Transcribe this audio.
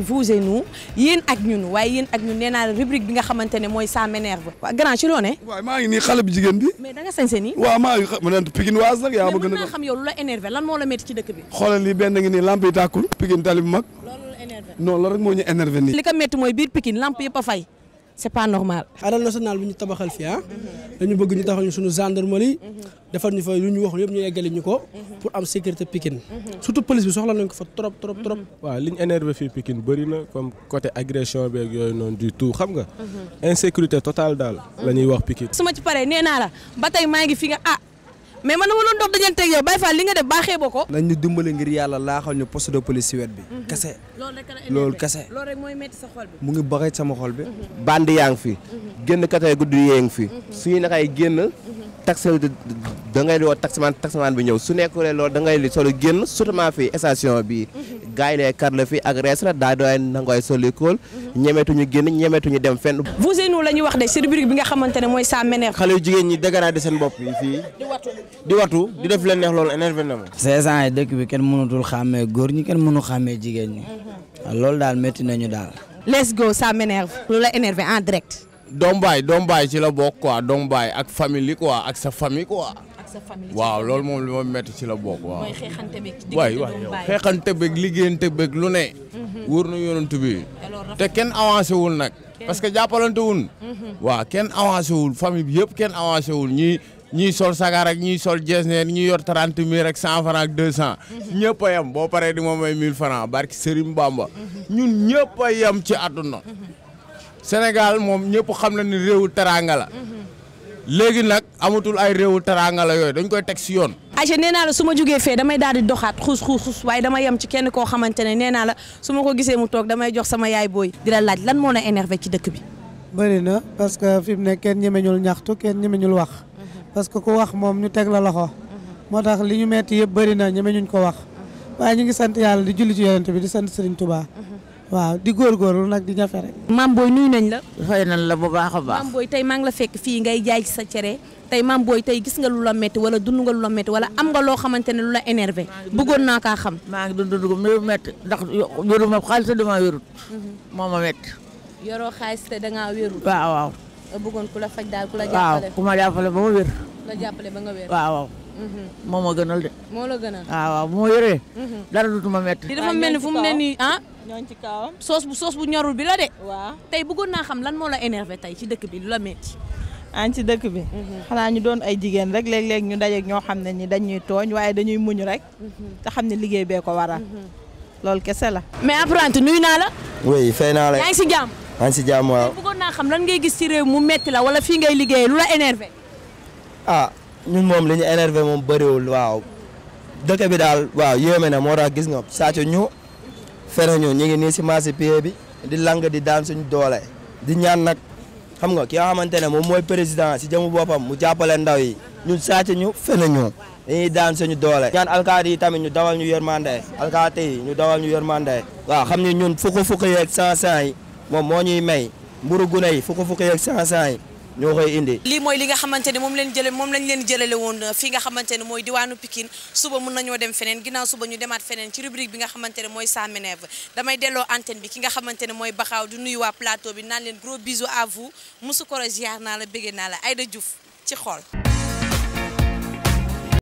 vous et nous yéen ak ñun waaye yéen ak ñun nee rubrique bi nga xamante ne mooy ça m'énerve waaw grand ci loo ne waaw maa ngi nii xale bu jigéen bi mais da nga waaw maa ngi ma naan waas nag yaa ma gën a xam yow lu énervé lan moo la métti ci dëkk bi xoolal lii benn ngi nii lamp yi tàkkul Pikine tali mag non loolu rek moo ñu énervé nii c'est pas normal. arène nationale bi ñu tabaxal fii ah. bëgg ñu taxal ñu suñu gendarmerie. defar ñu fa lu ñu wax yëpp ñu eggali ñu ko. pour am sécurité Pikine. surtout police bi soxla nañ ko fa trop trop trop. waaw li ñu énervé fii Pikine bëri na comme côté agression beeg yooyu noonu du tout xam nga. insécurité totale daal. la ñuy wax Pikine. su ma ci paree nee naa la ba tey maa ngi fi nga ah. mais man dama doon dox dajanteeg yow Baye Fall li nga def baaxee boo ko. nañ ñu dimbale ngir yàlla laaxal ñu poste de police si wet bi. kese mhm. loolu kese. loolu rek sa mu ngi baxee sama xol bi. Mhm. bandi yaa ngi fi. Mhm. génn katay guddi yaa su fi. suñu nakay génn. taxel da ngay woo taximaan taximaan bi ñëw su nekkulee lool da ngay li solo génn surtout fii station bii. gars yi lay kar la fi agresse la daa doy nangoy solikool ñemetuñu génn ñemetuñu dem fenn vous et nous la ñuy wax de ci rubrique bi nga xamante mooy ça m'énerve xale jigéen ñi dëgganaa di seen bopp yi fii di watu di def leen neex loolu énerve na ma saison yi dëkk bi kenn mënutul xàmmee góor ñi kenn mënu xàmmee jigéen ñi mhm. loolu daal métti nañu daal let's go ça m'énerve loolu la énervé en direct doom baay doom baay ci la bokk quoi doom baay ak famille quoi ak sa sa waaw loolu moom li ma métti ci la bokk waaw. mooy xeexante beeg. waay waay xeexante beeg liggéeyante beeg lu ne. Mhm. wur na yonent bi. te kenn avancé wul nag. parce que jàppalante wul. Mhm. waaw kenn avancé wul famille bi yëpp kenn avancé wul ñii ñii sol sagar ak ñii sol jees neen ñii yor trente mille rek cent franc ak deux cent. Mhm. ñëpp yem boo paree di moom may mille franc barki Serigne Bamba. ñun ñëpp a yem ci àdduna. Sénégal moom ñëpp xam na ni réewu teraanga léegi nag amatul ay réewu teraanga la yooyu dañ koy teg si yoon. Aïcha nee naa la su ma jugee fee damay daal di doxaat xuus xuus xuus waaye dama yem ci kenn koo xamante ne nee la su ma ko gisee mu toog damay jox sama yaay booy. di la laaj lan moo la énervé ci dëkk bi. bëri na parce que fi mu ne kenn ñemeñul ñaxtu kenn ñemeñul wax. parce que ku wax moom ñu teg la loxo. moo tax li ñu metti yëpp bëri na ñemeñuñ ko wax. waaye ñu ngi sant yàlla di julli ci yonent bi di sant Serigne Touba. waaw di góor góorgóorlu nag di ñafe rek. maam booy nuyu nañ la. fay nañ la bu baax a baax. booy tey maa ngi la fekk fii ngay jaay ci sa cere tey maam booy tey gis nga lu la métti wala dund nga lu la métti wala am nga loo xamante ne lu la énervé. bëggoon naa kaa xam. maa ngi dund dugub lu métti ndax yoruma xaalis te damaa wérut. Mhm. moo ma métti. yoroo xaalis te dangaa wérut. waaw waaw. bëggoon ku faj daal ku la jàppale. ku ma jàppale ba ma wér. la jàppale ba nga wér. waaw waaw. moom moo gënal de. moo la gënal waaw ah, waaw bu ma yoree. Mhm. dara dutuma métti. li dafa mel ni fu mu ne nii ah. ñooñu ci kawam. soos bu soos bu ñorul bi la waaw tey bëggoon naa xam lan moo la énervé tey ci dëkk bi lu la métti. an ah, ci dëkk bi. Mhm. xanaa ñu doon ay jigéen rek léeg-léeg ñu dajeeg ñoo xam ne ni dañuy tooñ waaye dañuy muñ rek. Mhm. te xam ne liggéey bee ko waral. loolu kese la. mais apprenti nuyu naa la. oui fay naa la yaa ngi si jàmm. yaa ngi si jàmm waaw. bëggoon naa xam lan ngay gis ci réew mu métti la wala fii ngay liggéeyee lu la énervé. ah ñun moom li ñu énervé moom bëriwul waaw dëkk bi daal waaw yéeme na moo gis nga sàcc ñu fere ñu ñu ngi nii si marché pied bi di lang di daan suñu doole di ñaan nag xam nga ki nga xamante ne moom mooy président si jëmu boppam mu jàppale ndaw yi ñun sàcc ñu fene ñu dañuy daan suñu doole. ñaan alkaati yi tamit ñu dawal ñu yërmande alkaati yi ñu dawal ñu yërmande waaw xam ni ñun fukk fukk yeeg cent yi moom moo ñuy may mburu gune yi fukk fukk yeeg cent cent yi. ñoo koy indi. lii mooy li nga xamante ne moom leen jële moom lañ leen jëlale woon uh, fii nga xamante ne mooy diwaanu Pikine suba mun nañoo dem feneen ginnaaw suba ñu demaat feneen ci rubrique bi nga xamante ne mooy Sa Minerve damay delloo antenne bi ki nga xamante ne mooy baxaaw di nuyu waa plateau bi naan leen gros bisous à vous musu koro naa la bëggee naa la Aïda Diouf ci xool